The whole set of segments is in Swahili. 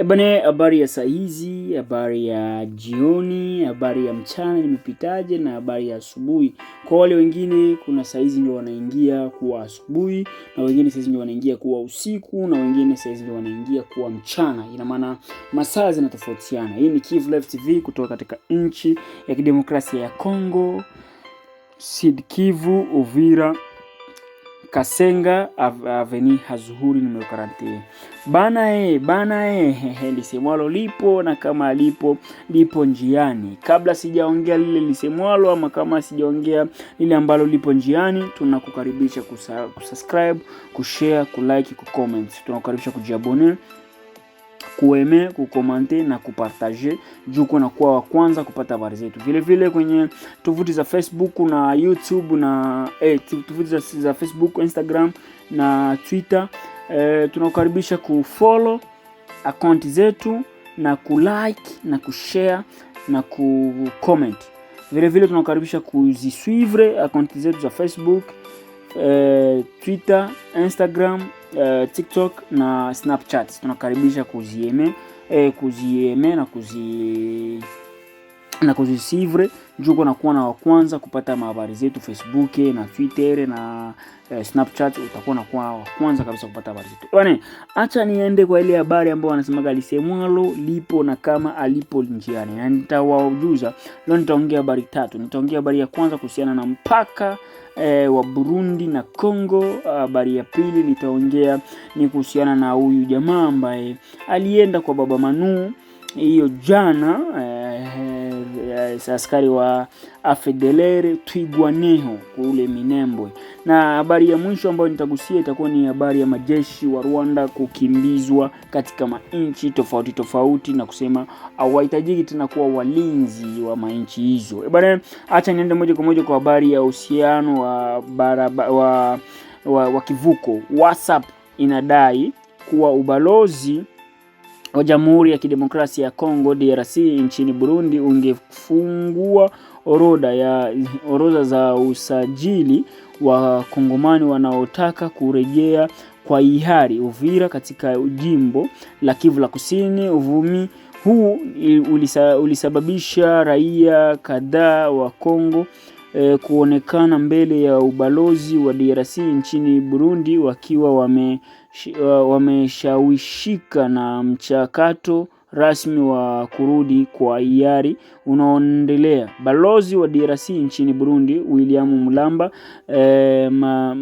Ebane, habari ya saa hizi, habari ya jioni, habari ya mchana nimepitaje, na habari ya asubuhi. Kwa wale wengine, kuna saa hizi ndio wanaingia kuwa asubuhi, na wengine saa hizi ndio wanaingia kuwa usiku, na wengine saa hizi ndio wanaingia kuwa mchana. Ina maana masaa zinatofautiana. Hii ni Kivu Live TV kutoka katika nchi ya kidemokrasia ya Kongo, Sud Kivu, Uvira Kasenga Avenue hazuhuri numero 41. Bana e, bana e, lisemwalo lipo na kama alipo lipo njiani. Kabla sijaongea lile lisemwalo ama kama sijaongea lile ambalo lipo njiani, tunakukaribisha kusubscribe, kushare, kulike, kucomment. Tunakukaribisha kujiabone kueme, kukomante na kupartaje juu na kuwa wa kwanza kupata habari zetu. Vile vile kwenye tovuti za Facebook na YouTube na eh, tovuti za, Facebook, Instagram na Twitter eh, tunakukaribisha kufollow akaunti zetu na kulike na kushare na kucomment. Vile vile tunakukaribisha kuziswivre akonti zetu za Facebook eh, Twitter, Instagram uh, TikTok na Snapchat tunakaribisha kuzieme eh, kuzieme na kuzi na kuzisivre njuu uko nakuwa na wakwanza kupata mahabari zetu Facebook na Twitter na eh, Snapchat, utakuwa nakuwa wa kwanza kabisa kupata habari zetu bwana. Acha niende kwa ile habari ambayo wanasemaga lisemwalo lipo na kama alipo njiani, na nitawajuza leo. Nitaongea habari tatu. Nitaongea habari ya kwanza kuhusiana na mpaka eh, wa Burundi na Kongo. Habari ya pili nitaongea ni kuhusiana na huyu jamaa ambaye alienda kwa baba Manu hiyo jana eh, askari wa Afedeleri Twigwaneho kule Minembwe. Na habari ya mwisho ambayo nitagusia itakuwa ni habari ya majeshi wa Rwanda kukimbizwa katika manchi tofauti tofauti na kusema hawahitajiki tena kuwa walinzi wa manchi hizo. E eh, bana, acha niende moja kwa moja kwa habari ya uhusiano wa, wa, wa, wa kivuko. WhatsApp inadai kuwa ubalozi wa Jamhuri ya Kidemokrasia ya Kongo DRC nchini Burundi ungefungua orodha ya orodha za usajili wa Kongomani wanaotaka kurejea kwa hiari Uvira katika jimbo la Kivu la Kusini. Uvumi huu ulisababisha raia kadhaa wa Kongo e, kuonekana mbele ya ubalozi wa DRC nchini Burundi wakiwa wameshawishika wame na mchakato rasmi wa kurudi kwa hiari unaoendelea. Balozi wa DRC nchini Burundi William Mulamba e, ma,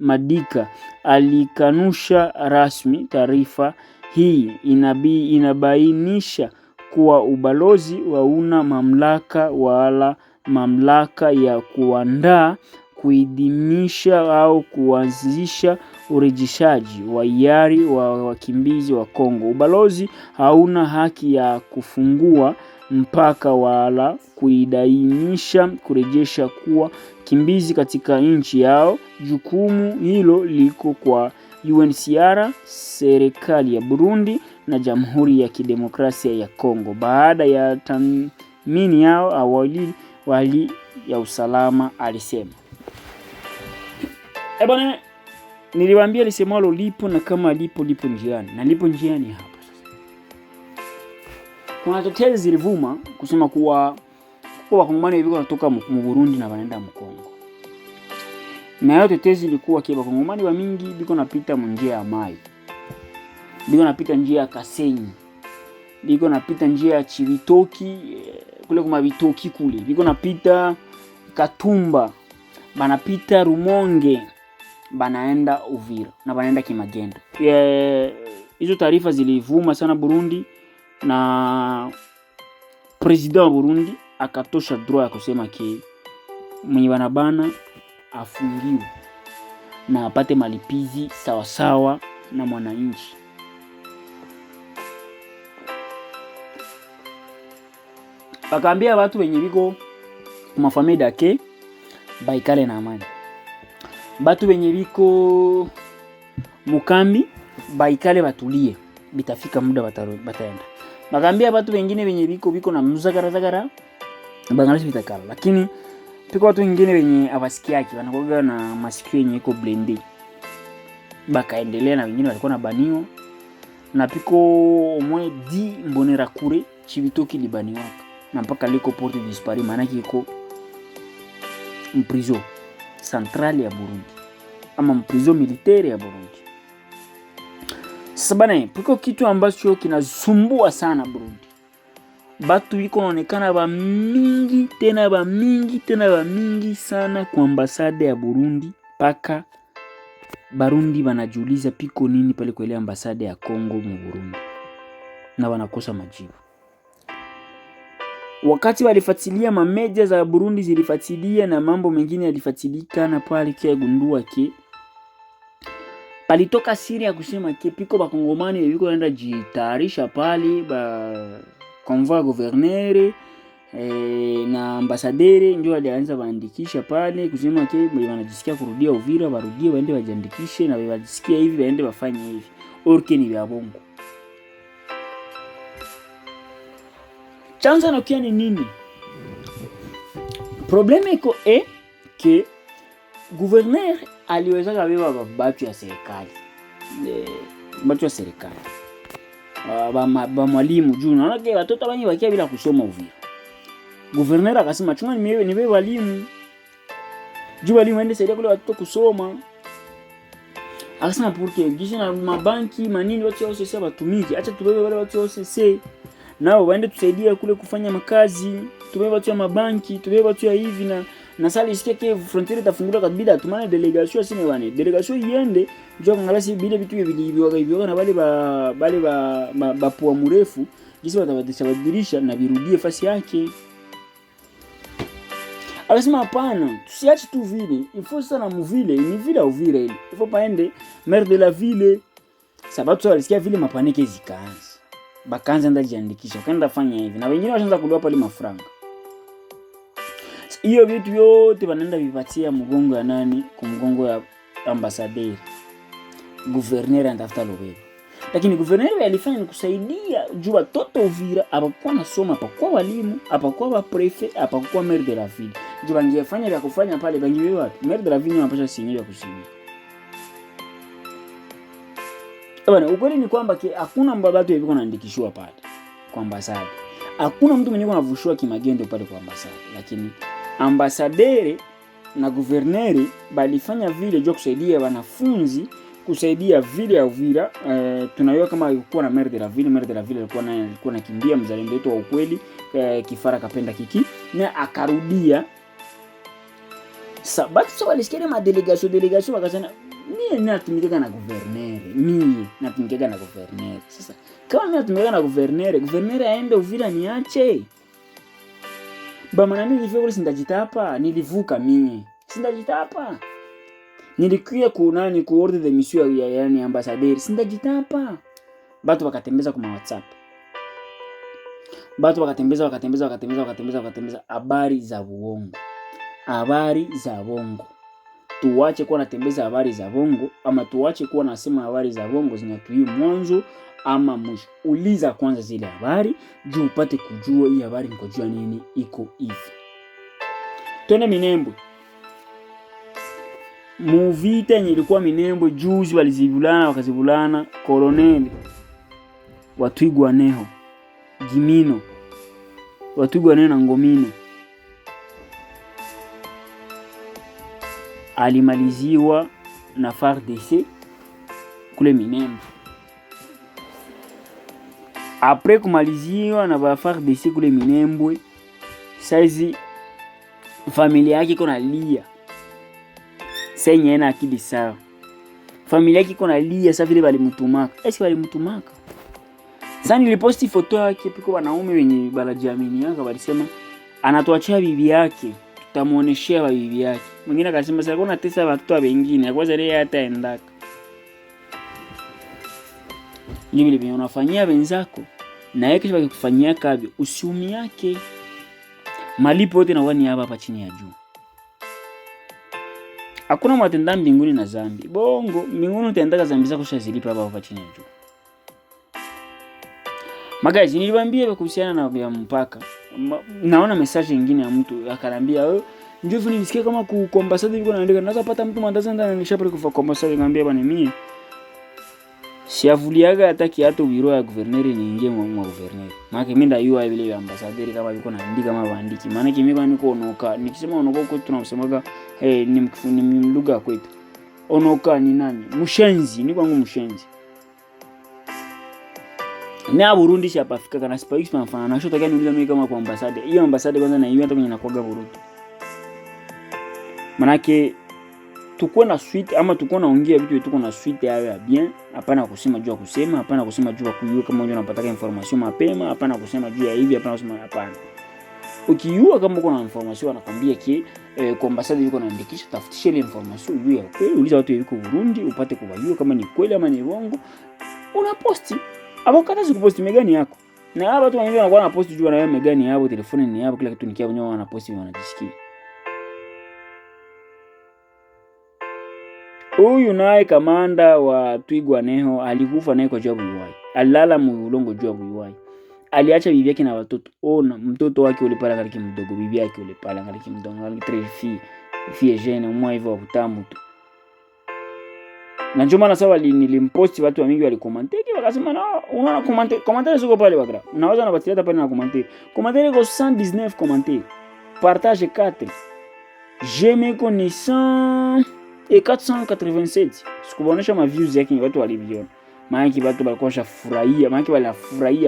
Madika alikanusha rasmi taarifa hii inabi, inabainisha kuwa ubalozi hauna mamlaka wala mamlaka ya kuandaa, kuidhinisha au kuanzisha urejeshaji wa hiari wa wakimbizi wa Kongo. Ubalozi hauna haki ya kufungua mpaka wala kuidainisha kurejesha kuwa kimbizi katika nchi yao. Jukumu hilo liko kwa UNHCR, serikali ya Burundi na Jamhuri ya Kidemokrasia ya Kongo. Baada ya tathmini yao awali kwa hali ya usalama alisema. Eh bwana, niliwaambia lisemalo lipo na kama lipo lipo njiani na lipo njiani hapa sasa. Kuna tetezi zilivuma kusema kuwa kwa Wakongomani hivi wanatoka mu Burundi na wanaenda Mkongo. Na hiyo tetezi ilikuwa kwa Wakongomani wa mingi biko napita munjia ya Mai. Biko napita njia ya Kasenyi. Biko napita njia ya chivitoki eh, kule kuma vitoki kule biko napita Katumba, banapita Rumonge, banaenda Uvira na banaenda Kimagendo. Hizo taarifa zilivuma sana Burundi, na president wa Burundi akatosha droit ya kusema ke mwenye banabana afungiwe na apate malipizi sawasawa na mwananchi. Bakaambia watu wenye biko kumafamida ke baikale na amani, batu wenye viko mukambi baikale batulie, bitafika muda batarudi bataenda. Bakaambia watu wengine wenye viko viko na mzagara zagara bangalisi bitakala, lakini piko watu wengine wenye yake wanakoga na masikio yenye iko blendi, bakaendelea na wengine walikuwa na banio na piko mwe di mbonera kure chibitoki libaniwaka na mpaka liko porte disparu, maanake iko mprizo centrale ya Burundi ama mprizo militaire ya Burundi. Sasa bana, piko kitu ambacho kinasumbua sana Burundi, batu iko naonekana ba mingi tena ba mingi tena ba mingi sana kwa ambasade ya Burundi, mpaka Barundi wanajiuliza piko nini pale kwa ile ambasade ya Kongo mu Burundi, na wanakosa majibu wakati walifuatilia mameja za Burundi zilifuatilia na mambo mengine yalifuatilika, na pale kia gundua ke palitoka siri ya kusema ke piko bakongomani biko naenda jitayarisha pale ba convoi gouverneur eh, na ambasadere ndio alianza waandikisha pale kusema ke wanajisikia kurudia Uvira, warudie waende wajiandikishe, na wajisikia hivi waende wafanye hivi, orke ni vya bongo Chanzo na ukia ni nini? Problema iko e ke guverner aliwezaga beba batu ya serikali batu ya serikali bamwalimu juu naona ke watoto banyi bakia bila kusoma Uvira. Guverner akasema chuma ni beba walimu juu walimu ende saidia kule watoto kusoma akasema pour que gisha na mabanki manini watu ya OCC batumiki, acha tubebe wale watu ya OCC nao waende tusaidia kule kufanya makazi, tubebe watu ya mabanki, tubebe watu ya hivi na na sali isikia ke frontiere tafunguliwa kabida tumane delegation sine wane delegation iende njoo kangala si bile vitu vilivyoka hivyo na bale ba bale ba, ba, ba pua jinsi watabadilisha badilisha na virudie fasi yake. Akasema hapana, tusiache tu vile. Il sana muvile, ni vile au vile ile. Il paende maire de la ville. sabato alisikia vile mapanike zikaanza. Bakanzi enda jiandikisha, ukaenda fanya hivi, na wengine washaanza kuliwa pale mafranga. Hiyo vitu vyote wanaenda vipatia mgongo ya nani? Kwa mgongo ya ambasaderi. Guverner anatafuta lobelo. Lakini guverner alifanya ni kusaidia juu watoto Uvira apakuwa nasoma, apakuwa walimu, apakuwa wa prefet, apakuwa maire de la ville. Juu bangefanya vya kufanya pale bangiwe wapi? Maire de la ville anapasha sinyi vya kusinyi. Bwana, ukweli ni kwamba hakuna mbabatu hivi anaandikishwa pale kwa ambasada. Hakuna mtu mwenye anavushwa kimagendo pale kwa ambasada, lakini ambasadere na guverneri balifanya vile jua kusaidia wanafunzi kusaidia vile ya Uvira. Uh, eh, tunayo kama ilikuwa na merde la vile merde de la ville alikuwa naye alikuwa nakimbia mzalendo wetu wa ukweli uh, Kifara kapenda kiki na akarudia sabatu. So walisikia ma delegation delegation wakasema mie natumikega na guvernere, mie natumikega na guvernere. Sasa kama mie natumikega na guvernere, guvernere aende Uvira niache bamana, mimi nivyo sindajitapa, nilivuka mie sindajitapa, nilikuya kunani ku ordre de mission ya yani ambassadeur, sindajitapa. Batu bakatembeza kuma WhatsApp, batu bakatembeza wakatembeza wakatembeza wakatembeza wakatembeza habari za uongo, habari za uongo tuwache kuwa natembeza habari za bongo ama tuwache kuwa nasema habari za bongo zinatui mwanzo ama mwisho. Uliza kwanza zile habari juu upate kujua hii habari nikojua nini iko hivi. Twende Minembwe. Muvita yenye ilikuwa Minembwe juzi walizivulana wakazivulana koloneli Watwigwaneho Gimino Watwigwaneho na Ngomino alimaliziwa na FARDC kule Minembwe. Apres kumaliziwa na ba FARDC kule Minembwe, saizi familia yake iko na lia senye ena akili sawa. Familia yake iko na lia sasa, vile balimtumaka esi eh, balimtumaka sasa. Niliposti foto yake piko wanaume wenye balajiaminiaka, balisema anatuachia bibi yake tutamuoneshea wavivi yake. Mwingine akasema sasa kuna tisa watoto wengine akwaza ile hata endaka Nibi vile unafanyia wenzako na yeye kisha akikufanyia kabyo usiumi yake. Malipo yote na wani hapa hapa chini ya juu. Hakuna mwatenda mbinguni na zambi. Bongo mbinguni utaendaka zambi zako shazilipa hapa hapa chini ya juu. Magazi nilibambia kuhusiana na vya mpaka naona message nyingine ya mtu akanambia wewe oh, njoo hivi nisikie kama ku hivi kuna anaandika naweza pata mtu mandazi ndani anisha pale kwa ambassade, ngambia bwana, mimi siavuliaga hata kiatu biro ya governor niingie mwa mwa governor, maana mimi ndio yua ile ya ambassador kama yuko na naandika kama waandiki, maana kimi kwa niko onoka, nikisema onoka kwetu tunasemaga hey, eh, ni mkifuni mlugha kwetu onoka ni nani? Mshenzi ni kwangu mshenzi ni Burundi hapa Afrika kana sipa hiyo mfano. Na shoto gani niuliza mimi kama kwa ambasade. Hiyo ambasade kwanza na hiyo hata kwenye nakuaga Burundi. Manake tuko na suite ama tuko naongea vitu tuko na suite yao ya bien. Hapana kusema juu ya kusema, hapana kusema juu ya kujua kama unajua unapata information mapema, hapana kusema juu ya hivi, hapana kusema hapana. Ukijua kama uko na information anakwambia ki eh, kwa ambasade yuko naandikisha, tafutisha ile information juu ya kweli, uliza watu yuko Burundi upate kujua kama ni kweli ama ni uongo. Unaposti hapo kata si kuposti megani yako. Na hapa watu wengine wanakuwa posti juu wanawe megani yako, telefoni ni yako, kila kitu ni kiao, wenyewe wanaposti wanajisikia. Huyu naye kamanda wa Neho alikufa naye kwa jua yuwai. Alala mulongo jua yuwai. Aliacha bibi yake na watoto. Ona mtoto wake ule pala ngaliki mdogo, bibi yake ule pala ngaliki mdogo, ngaliki trefi. Fie jene, umuwa hivyo wakutamu tu. Na ndio maana sasa nilimposti watu wengi walikomenteki wakasema na unaona commenter commenter ziko pale bakra. Unaweza unapatia hata pale na commenter. Commenter iko 119 commenter. Partage 4. J'aime connaissant et 487. Sikubonesha ma views yake watu waliviona. Maana watu walikuwa washafurahia, maana ki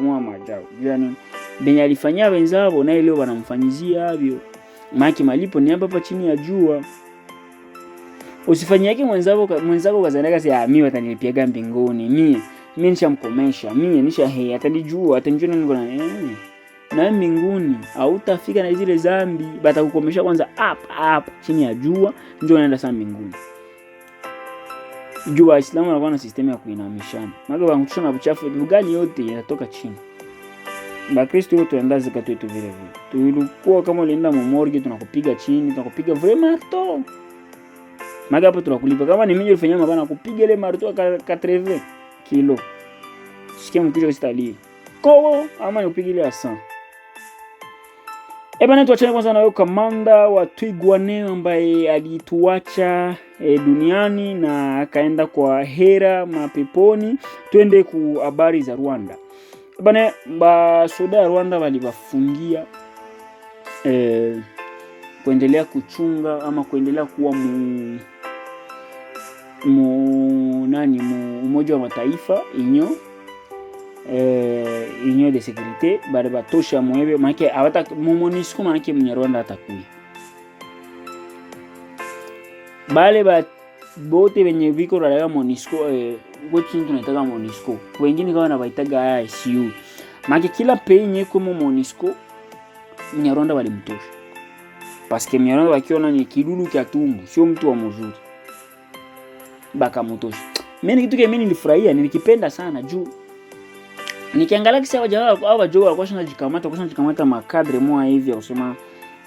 mwa majao. Yaani benye alifanyia wenzao na leo wanamfanyizia hivyo. Maana malipo ni hapa chini ya jua yake mwenzako mwenzako kazana kazi ya mimi watanilipiaga mbinguni. Mimi mimi nishamkomesha. Mimi nisha he atanijua, atanijua nani kuna nini. Na mbinguni hautafika na zile zambi, batakukomesha kwanza up up chini ya jua ndio unaenda sana mbinguni. Jua Islamu anakuwa na system ya kuinamishana. Maana wangutusha na buchafu lugani yote inatoka chini. Bakristo wote tunaenda zikatu yetu vile vile. Tulikuwa kama ulienda momorgi tunakupiga chini, tunakupiga vraiment maga hapo tunakulipa. Kama ni mimi ulifanyia mabana kupiga ile marto ka 30 kilo. Sikia mkija usitali. Ko ama ni kupiga ile ya 100. Eh, bana tuachane kwanza na wewe kamanda wa Twigwaneho ambaye alituacha e, duniani na akaenda kwa hera mapeponi. Twende ku habari za Rwanda. Eh bana basoda ya Rwanda waliwafungia e, kuendelea kuchunga ama kuendelea kuwa mu mu nani mu Umoja wa Mataifa inyo eh, inyo de securite bari batosha muebe manake abata mu MONUSCO manake munyarwanda atakuya bale ba bote benye viko ralaga MONUSCO eh, wetu tunaitaga MONUSCO wengine kama nabaitaga ICU manake kila penye kumu MONUSCO munyarwanda balimtosha paske munyarwanda bakiona ni kidulu kya tumbu sio mtu wa mzuri Bakamotoshi. Mimi kitu kile mimi nilifurahia, nilikipenda sana juu nikiangalia kisa wajawa au wajoa walikuwa wanajikamata, walikuwa wanajikamata makadre mwa hivi ya kusema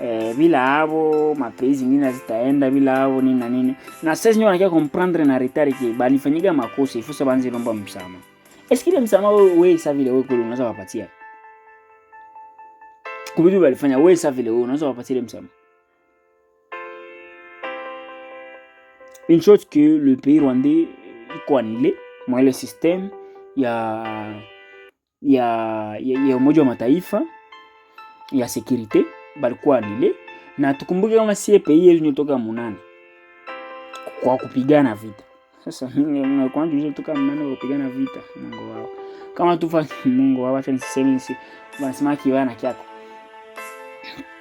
eh, bila hao mapenzi nini hazitaenda, bila hao nini na nini. Na sasa nyinyi wanakia kumprandre na retard ki bali fanyika makosa, ifusa banzi lomba msama Esikile eh, msama wewe wewe sasa vile wewe kulu unaweza wapatia Kubidu walifanya wewe sasa vile wewe unaweza wapatia msama Une chose que le pays rwandais il anile mwa ile system ya, ya, ya, ya Umoja wa Mataifa ya security balikuwa anile, na tukumbuke kama si pays yetu nitoka munane kwa kupigana vita. Sasa nakwani tulizo toka mnane kwa kupigana vita, Mungu wao kama tufa Mungu wao, acha niseme nisi wanasema kiwana kiako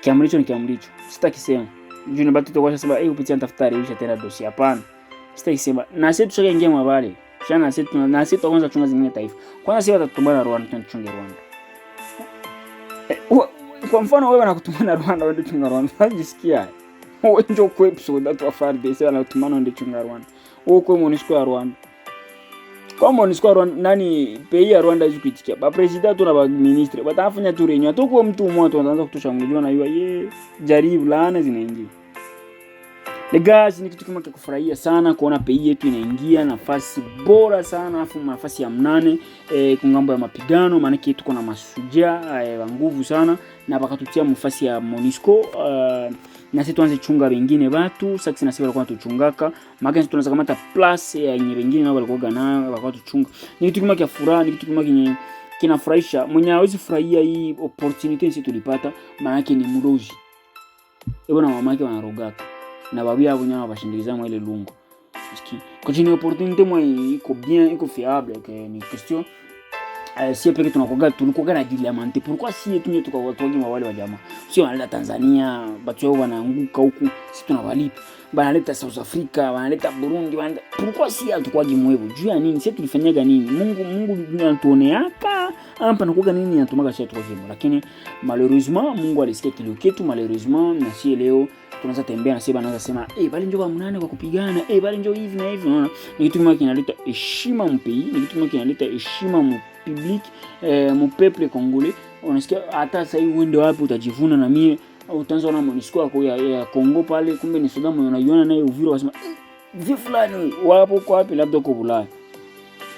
kiamricho ni kiamricho, sitakisema Junior Batu tukasha sema eh, upitia nitafuta reisha tena dosi. Hapana, sitaisema na sisi tushakaingia mabali shana na sisi na sisi tuanza chunga zingine taifa kwanza, sisi na Rwanda, tunachunga Rwanda. Eh, kwa mfano wewe na Rwanda, wewe chunga Rwanda, unajisikia wewe ndio kwa episode ya tu afar desi, anakutumana ndio chunga Rwanda, wewe kwa mwanishiko wa Rwanda kwa MONUSCO Rwanda nani pei ya Rwanda hizo kuitikia ba president tuna ba ministre batafanya tu renyo atoko mtu mmoja tu anaanza kutushanguliwa na yeye jaribu laana zinaingia le ni kitu kama kikufurahia sana kuona pei yetu inaingia nafasi bora sana, afu nafasi ya mnane e, eh, kungambo ya mapigano, maana na masujaa e, eh, wa nguvu sana na pakatutia ya MONUSCO uh, eh, na sisi tuanze chunga wengine watu sasa na sisi walikuwa tuchungaka maana sisi tunaweza kamata plus ya yenye wengine nao walikuwa gana walikuwa tuchunga. Ni kitu kama kia furaha, ni kitu kama kinye kinafurahisha. Mwenye hawezi furahia hii opportunity sisi tulipata, maana yake ni mroji. hebu na mama yake wanarogaka na babu yao wenyewe washindikiza mwa ile lungu. sikii Kwa chini opportunity mwa iko bien iko fiable, que ni question Uh, sio peke tunakoga tulikoga na Diamante pourquoi si tunye tukawatwangi wale wa jamaa sio wale Tanzania, batu wao wanaanguka huku, si euh, tunawalipa wanaleta South Africa, wanaleta Burundi, wanaleta tulikuwa si hatukuwaji mwevu juu ya nini? Sisi tulifanyaga nini? Mungu Mungu anatuoneaka hapa na kuga nini anatumaga sisi tuwajimu, lakini malheureusement Mungu alisikia kilio chetu malheureusement, na sisi leo tunaanza tembea na sisi anaanza sema eh, bali njoo mnane kwa kupigana eh, bali njoo hivi na hivi. Unaona, ni kitu kimoja kinaleta heshima mpei, ni kitu kimoja kinaleta heshima mpublic eh, mpeple Kongole. Unasikia hata sasa hivi uende wapi utajivuna na mie utaanza na MONUSCO yako ya, ya Kongo pale, kumbe ni Saddam unajiona naye Uvira, wasema vi eh, fulani wapo kwa wapi, labda uko Bulaya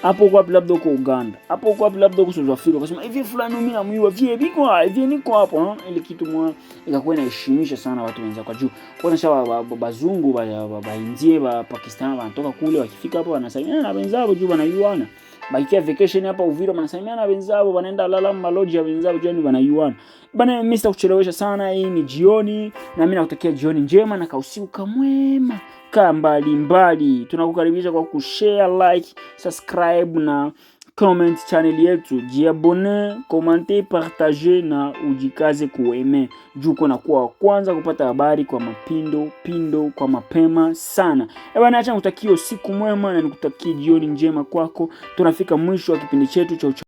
hapo kwa wapi, labda uko Uganda hapo kwa wapi, labda uko South Africa, wasema hivi eh, fulani mimi na mwiwa vie biko hivi niko hapo no? Ile kitu mwa ikakuwa inaheshimisha sana watu wenza kwa juu kwa sababu bazungu ba ba, ba, ba, ba, ba, ba Pakistan wanatoka kule, wakifika hapo wanasaidiana eh, na wenzao juu wanaiwana bakia vacation hapa Uvira, na wenzao, wanaenda lala maloji ya wenzao, jioni wanaiuana bana. Mimi sitakuchelewesha sana, hii ni jioni, na mimi nakutakia jioni njema na kausiku kamwema ka mbalimbali. Tunakukaribisha kwa kushare, like, subscribe na comment channel yetu, jiabone, komante, partage na ujikaze kueme juko na kuwa wa kwanza kupata habari kwa mapindo pindo kwa mapema sana. Ebana, acha nikutakie usiku mwema na nikutakie jioni njema kwako. Tunafika mwisho wa kipindi chetu cha